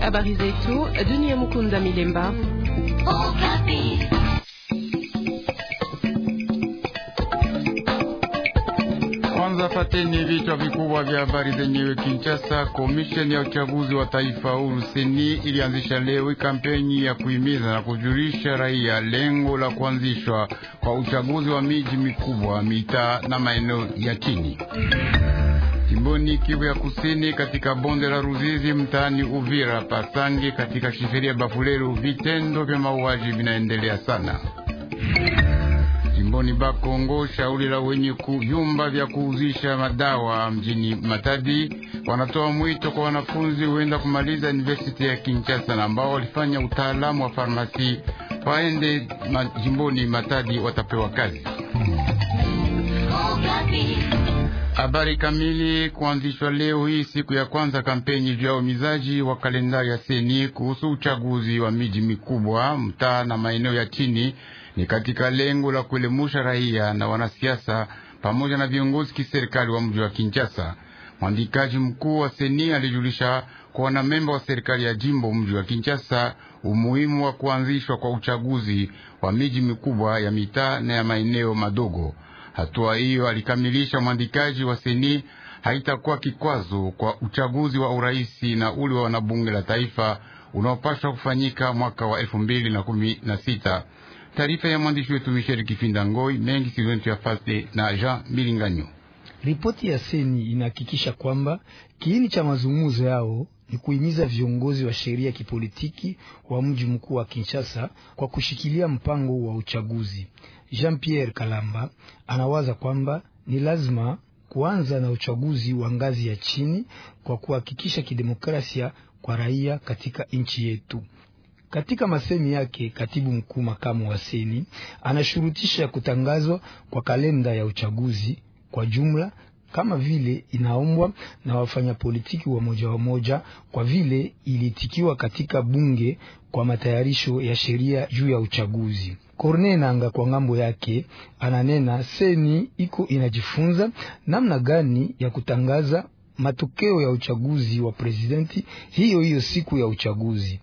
Habari zetu dunia. Mukunda Milemba. Kwanza fateni vichwa vikubwa vya habari zenyewe. Kinshasa, komisheni ya uchaguzi wa taifa huru seni ilianzisha leo kampeni ya kuhimiza na kujulisha raia lengo la kuanzishwa kwa uchaguzi wa miji mikubwa, mitaa na maeneo ya chini jimboni Kivu ya Kusini, katika bonde la Ruzizi mtaani Uvira Pasangi, katika shiferi Bafuleru, vitendo vya mauaji vinaendelea sana. Jimboni Bakongo, shauri la wenye vyumba vya kuuzisha madawa mjini Matadi wanatoa mwito kwa wanafunzi huenda kumaliza University ya Kinshasa na ambao walifanya utaalamu wa farmasi waende jimboni Matadi watapewa kazi. Oh, Habari kamili kuanzishwa leo hii siku ya kwanza kampeni juu ya umizaji wa kalendari ya seni kuhusu uchaguzi wa miji mikubwa, mtaa na maeneo ya chini. Ni katika lengo la kuelemusha raia na wanasiasa pamoja na viongozi kiserikali wa mji wa Kinshasa. Mwandikaji mkuu wa seni alijulisha kwa wanamemba wa serikali ya jimbo mji wa Kinshasa umuhimu wa kuanzishwa kwa uchaguzi wa miji mikubwa ya mitaa na ya maeneo madogo. Hatua hiyo, alikamilisha mwandikaji wa seni, haitakuwa kikwazo kwa uchaguzi wa urais na ule wa wanabunge la taifa unaopaswa kufanyika mwaka wa elfu mbili na kumi na sita. Taarifa ya mwandishi wetu Michel Kifinda Ngoi mengi silentu ya fasi na Jean Milinganyo. Ripoti ya seni inahakikisha kwamba kiini cha mazungumzo yao ni kuhimiza viongozi wa sheria kipolitiki wa mji mkuu wa Kinshasa kwa kushikilia mpango wa uchaguzi. Jean Pierre Kalamba anawaza kwamba ni lazima kuanza na uchaguzi wa ngazi ya chini kwa kuhakikisha kidemokrasia kwa raia katika nchi yetu. Katika masemi yake, katibu mkuu makamu wa seni anashurutisha kutangazwa kwa kalenda ya uchaguzi kwa jumla kama vile inaombwa na wafanya politiki wa moja wa moja, kwa vile ilitikiwa katika bunge kwa matayarisho ya sheria juu ya uchaguzi. Corne Nanga kwa ngambo yake ananena seni iko inajifunza namna gani ya kutangaza matokeo ya uchaguzi wa presidenti hiyo hiyo siku ya uchaguzi.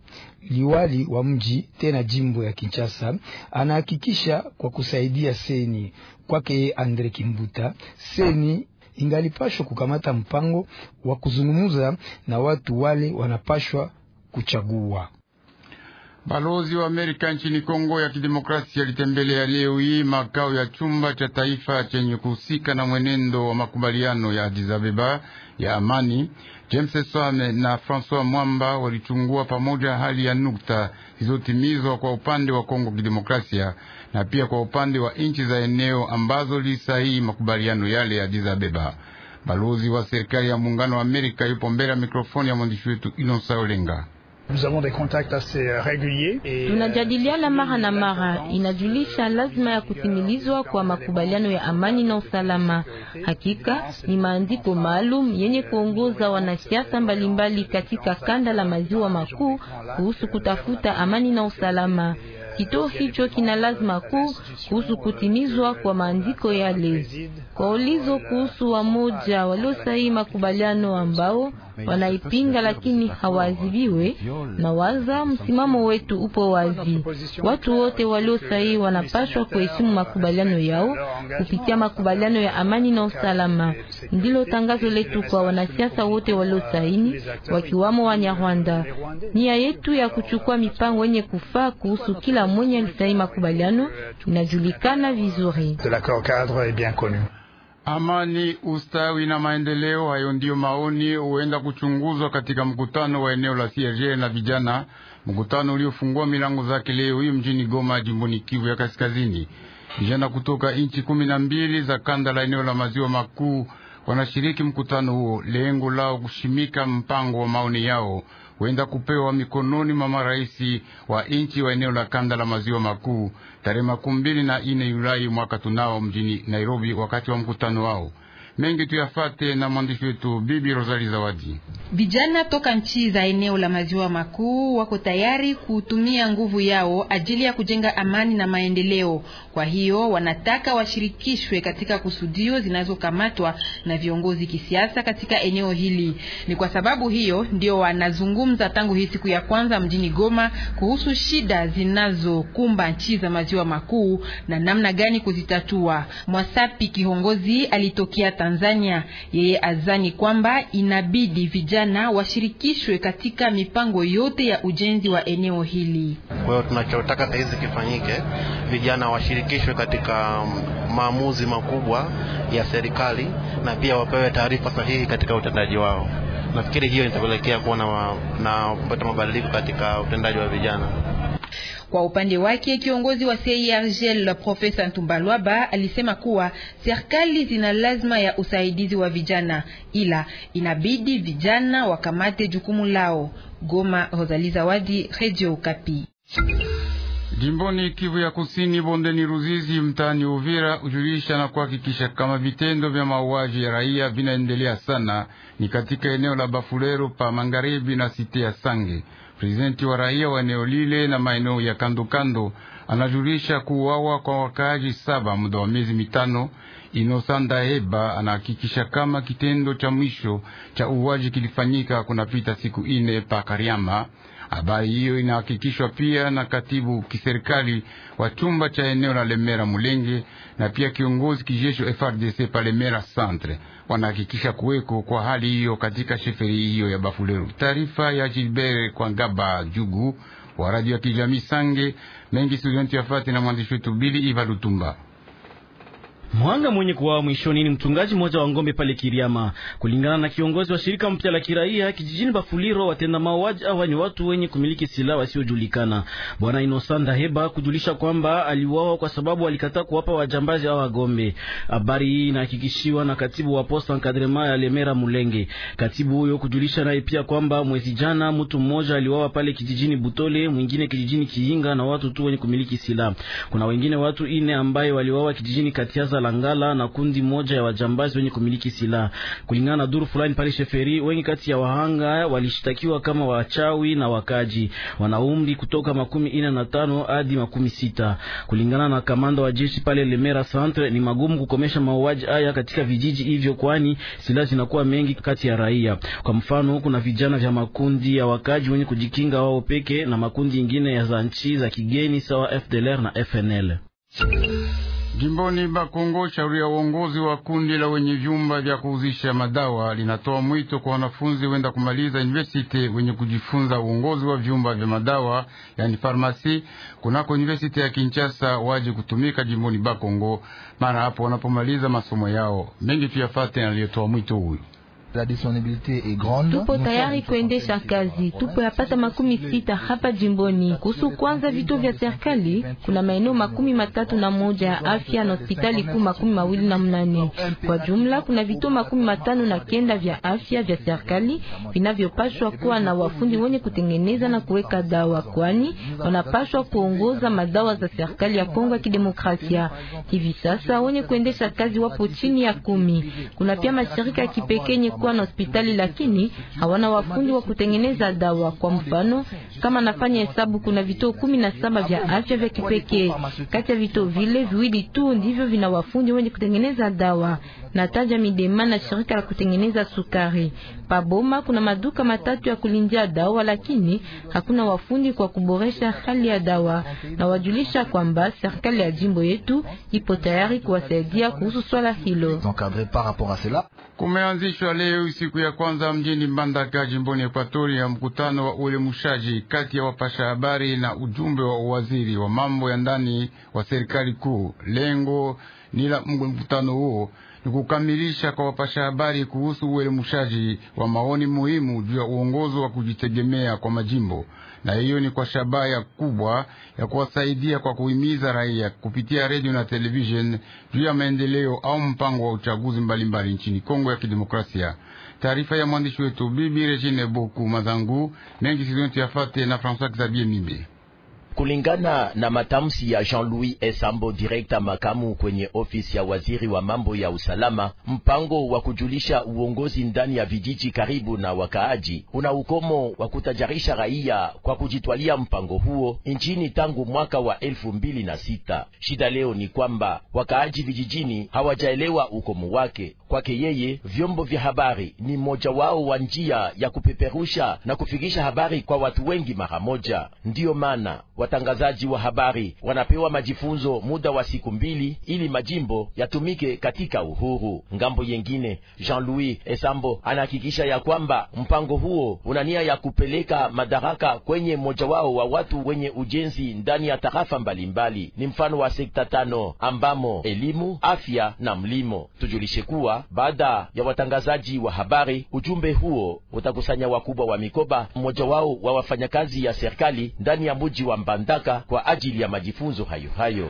Liwali wa mji tena jimbo ya Kinshasa anahakikisha kwa kusaidia seni kwake Andre Kimbuta, seni ingalipashwa kukamata mpango wa kuzungumza na watu wale wanapashwa kuchagua. Balozi wa Amerika nchini Kongo ya Kidemokrasia alitembelea leo hii makao ya chumba cha taifa chenye kuhusika na mwenendo wa makubaliano ya Addis Ababa ya amani. James Sesame na Francois Mwamba walichungua pamoja hali ya nukta zilizotimizwa kwa upande wa Kongo Kidemokrasia na pia kwa upande wa nchi za eneo ambazo lisahii makubaliano yale ya Addis Ababa. Balozi wa serikali ya muungano wa Amerika yupo mbele ya mikrofoni ya mwandishi wetu Inosa Olenga. Euh, Tunajadiliana mara na mara, inajulisha lazima ya kutimilizwa kwa makubaliano ya amani na usalama. Hakika ni maandiko maalum yenye kuongoza wanasiasa mbalimbali katika kanda la maziwa makuu kuhusu kutafuta amani na usalama. Kituo hicho kina lazima kuu kuhusu kutimizwa kwa maandiko yale. Kwa ulizo kuhusu wamoja waliosaini makubaliano ambao wanaipinga, lakini hawaadhibiwe. Na waza msimamo wetu upo wazi, watu wote walio sahihi wanapaswa kuheshimu makubaliano yao kupitia makubaliano ya amani na usalama. Ndilo tangazo letu kwa wanasiasa wote waliosaini wakiwamo Wanyarwanda. Nia yetu ya kuchukua mipango yenye kufaa kuhusu kila mwenye alisahii makubaliano inajulikana vizuri. Amani, ustawi na maendeleo. Hayo ndiyo maoni huenda kuchunguzwa katika mkutano wa eneo la CRG na vijana, mkutano uliofungua milango zake leo hii mjini Goma, jimboni Kivu ya Kaskazini. Vijana kutoka inchi kumi na mbili za kanda la eneo la maziwa makuu wanashiriki mkutano huo, lengo lao kushimika mpango wa maoni yao wenda kupewa mikononi mwa marais wa nchi wa eneo la kanda la maziwa makuu tarehe makumi mbili na ine Julai mwaka tunao mjini Nairobi, wakati wa mkutano wao mengi tuyafate na mwandishi wetu Bibi Rosali Zawadi. Vijana toka nchi za eneo la maziwa makuu wako tayari kutumia nguvu yao ajili ya kujenga amani na maendeleo. Kwa hiyo wanataka washirikishwe katika kusudio zinazokamatwa na viongozi kisiasa katika eneo hili. Ni kwa sababu hiyo ndio wanazungumza tangu hii siku ya kwanza mjini Goma kuhusu shida zinazokumba nchi za maziwa makuu na namna gani kuzitatua. Mwasapi kiongozi alitokea Tanzania. Yeye azani kwamba inabidi vijana washirikishwe katika mipango yote ya ujenzi wa eneo hili. Kwa hiyo tunachotaka saizi kifanyike, vijana washirikishwe katika maamuzi makubwa ya serikali na pia wapewe taarifa sahihi katika utendaji wao. Nafikiri hiyo itapelekea kuona na kupata mabadiliko katika utendaji wa vijana. Kwa upande wake kiongozi wa CIRGL Profesa Ntumbalwaba alisema kuwa serikali zina lazima ya usaidizi wa vijana, ila inabidi vijana wakamate jukumu lao. Goma, Rosalie Zawadi, Radio Kapi. Jimboni Kivu ya Kusini, bondeni Ruzizi, mtaani Uvira, ujulisha na kuhakikisha kama vitendo vya mauaji ya raia vinaendelea sana, ni katika eneo la Bafulero pa magharibi na site ya Sange. Prezidenti wa raia wa eneo lile na maeneo ya kandokando anajulisha kuuawa kwa wakaaji saba muda wa miezi mitano Inosanda Heba anahakikisha kama kitendo cha mwisho cha uwaji kilifanyika kunapita siku ine pa Kariama. Habari hiyo inahakikishwa pia na katibu kiserikali wa chumba cha eneo la Lemera Mulenge na pia kiongozi kijeshi FRDC pa Lemera Centre, wanahakikisha kuweko kwa hali hiyo katika sheferi hiyo ya Bafuleru. Taarifa ya Gilbert Ngaba Jugu wa radio ya kijamii Sange mengi studenti yafate na mwandishi wetu Bili Iva Lutumba. Mwanga mwenye kuwa mwishoni ni mchungaji mmoja wa ngombe pale Kiriama. Kulingana na kiongozi wa shirika mpya la kiraia kijijini Bafuliro, watenda mauaji hawa ni watu wenye kumiliki silaha wasiojulikana. Bwana Inosanda Heba kujulisha kwamba aliuawa kwa sababu alikataa kuwapa wajambazi hawa ngombe. Habari hii inahakikishiwa na katibu wa posta Nkadrema ya Lemera Mulenge. Katibu huyo kujulisha naye pia kwamba mwezi jana mtu mmoja aliuawa pale kijijini Butole, mwingine kijijini Kiinga na watu tu wenye kumiliki silaha. Kuna wengine watu ine ambaye waliuawa kijijini Katiaza kuongoza Langala na kundi moja ya wajambazi wenye kumiliki silaha. Kulingana na duru fulani pale Sheferi, wengi kati ya wahanga walishtakiwa kama wachawi na wakaji, wana umri kutoka makumi ine na tano hadi makumi sita. Kulingana na kamanda wa jeshi pale Lemera Centre, ni magumu kukomesha mauaji haya katika vijiji hivyo, kwani silaha zinakuwa mengi kati ya raia. Kwa mfano, kuna vijana vya makundi ya wakaji wenye kujikinga wao peke na makundi ingine ya za nchi za kigeni sawa FDLR na FNL. Jimboni Bakongo, shauri ya uongozi wa kundi la wenye vyumba vya kuuzisha madawa linatoa mwito kwa wanafunzi wenda kumaliza university wenye kujifunza uongozi wa vyumba vya madawa yani farmasi kunako university ya Kinshasa waje kutumika jimboni Bakongo mara hapo wanapomaliza masomo yao. Mengi tuyafate aliyotoa mwito huyu. Tupo tayari kuendesha kazi, tupo yapata makumi sita hapa jimboni. Kuhusu kwanza vituo vya serikali, kuna maeneo makumi matatu na moja ya afya na hospitali kuu makumi mawili na mnane kwa jumla. Kuna vituo makumi matano na kenda vya afya vya serikali vinavyopashwa kuwa na wafundi wenye kutengeneza na kuweka dawa, kwani wanapashwa kuongoza madawa za serikali ya Kongo ya Kidemokrasia. Hivi sasa wenye kuendesha kazi wapo chini ya kumi. Kuna pia mashirika ya kipekee kuwa na hospitali, lakini hawana wafundi wa kutengeneza dawa. Kwa mfano, kama nafanya hesabu, kuna vituo kumi na saba vya afya vya kipekee. Kati ya vituo vile viwili tu ndivyo vina wafundi wenye kutengeneza dawa nataja midema na shirika la kutengeneza sukari. Paboma kuna maduka matatu ya kulindia dawa, lakini hakuna wafundi kwa kuboresha hali ya dawa, na wajulisha kwamba serikali ya jimbo yetu ipo tayari kuwasaidia kuhusu swala hilo. Kumeanzishwa leo siku ya kwanza mjini Mbandaka jimboni Ekwatoria mkutano wa uelimushaji kati ya wapasha habari na ujumbe wa waziri wa mambo ya ndani wa serikali kuu lengo nila mkutano huo ni kukamilisha kwa wapasha habari kuhusu uelemushaji wa maoni muhimu juu ya uongozo wa kujitegemea kwa majimbo, na hiyo ni kwa shabaha kubwa ya kuwasaidia kwa kuhimiza raia kupitia redio na televisheni juu ya maendeleo au mpango wa uchaguzi mbalimbali nchini Kongo ya Kidemokrasia. Taarifa ya mwandishi wetu Bibi Regine Boku Mazangu mengi sizoni tuyafate na François Xavier Mibe. Kulingana na matamshi ya Jean-Louis Esambo, direkta makamu kwenye ofisi ya waziri wa mambo ya usalama, mpango wa kujulisha uongozi ndani ya vijiji karibu na wakaaji una ukomo wa kutajarisha raia kwa kujitwalia mpango huo nchini tangu mwaka wa elfu mbili na sita. Shida leo ni kwamba wakaaji vijijini hawajaelewa ukomo wake. Kwake yeye, vyombo vya habari ni mmoja wao wa njia ya kupeperusha na kufikisha habari kwa watu wengi mara moja, ndiyo maana watangazaji wa habari wanapewa majifunzo muda wa siku mbili ili majimbo yatumike katika uhuru. Ngambo yengine, Jean-Louis Esambo anahakikisha ya kwamba mpango huo una nia ya kupeleka madaraka kwenye mmoja wao wa watu wenye ujenzi ndani ya tarafa mbalimbali mbali. Ni mfano wa sekta tano ambamo elimu, afya na mlimo. Tujulishe kuwa baada ya watangazaji wa habari, ujumbe huo utakusanya wakubwa wa mikoba, mmoja wao wa wafanyakazi ya serikali ndani ya mji wa Mbandaka. Mbandaka kwa ajili ya majifunzo hayo hayo.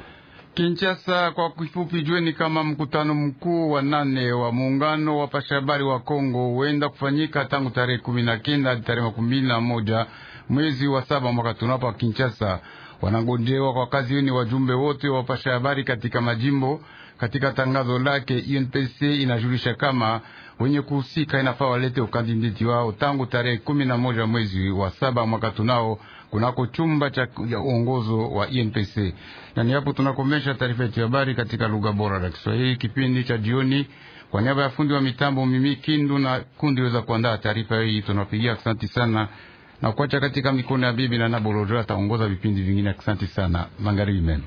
Kinshasa kwa kifupi, jueni kama mkutano mkuu wa nane wa muungano wa pashabari wa Kongo huenda kufanyika tangu tarehe kumi na kenda hadi tarehe makumi na moja mwezi wa saba mwaka wa Kinshasa. Wanangojewa kwa kazi ni wajumbe wote wa pasha katika majimbo. Katika tangazo lake UNPC inajulisha kama wenye kuhusika inafaa walete ukandidati wao tangu tarehe kumi na moja mwezi wa saba mwaka tunao kunako chumba cha uongozo wa INPC. E yani hapo tunakomesha taarifa yetu ya habari katika lugha bora la Kiswahili kipindi cha jioni. Kwa niaba ya fundi wa mitambo mimi Kindu na kundi weza kuandaa taarifa hii, tunapigia asanti sana na kuacha katika mikono ya bibi na Nabolodra ataongoza vipindi vingine. Asanti sana, magharibi mema.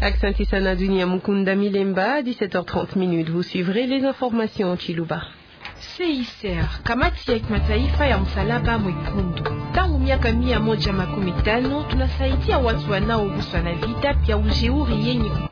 Aksanti sana dunia Mukunda Milemba, 17h30 minutes. Vous suivrez les informations en Chiluba. CICR, kamati ya kimataifa ya msalaba mwekundu, tangu miaka mia moja makumi tano tunasaidia watu wanaoguswa na vita vya ujeuri yenye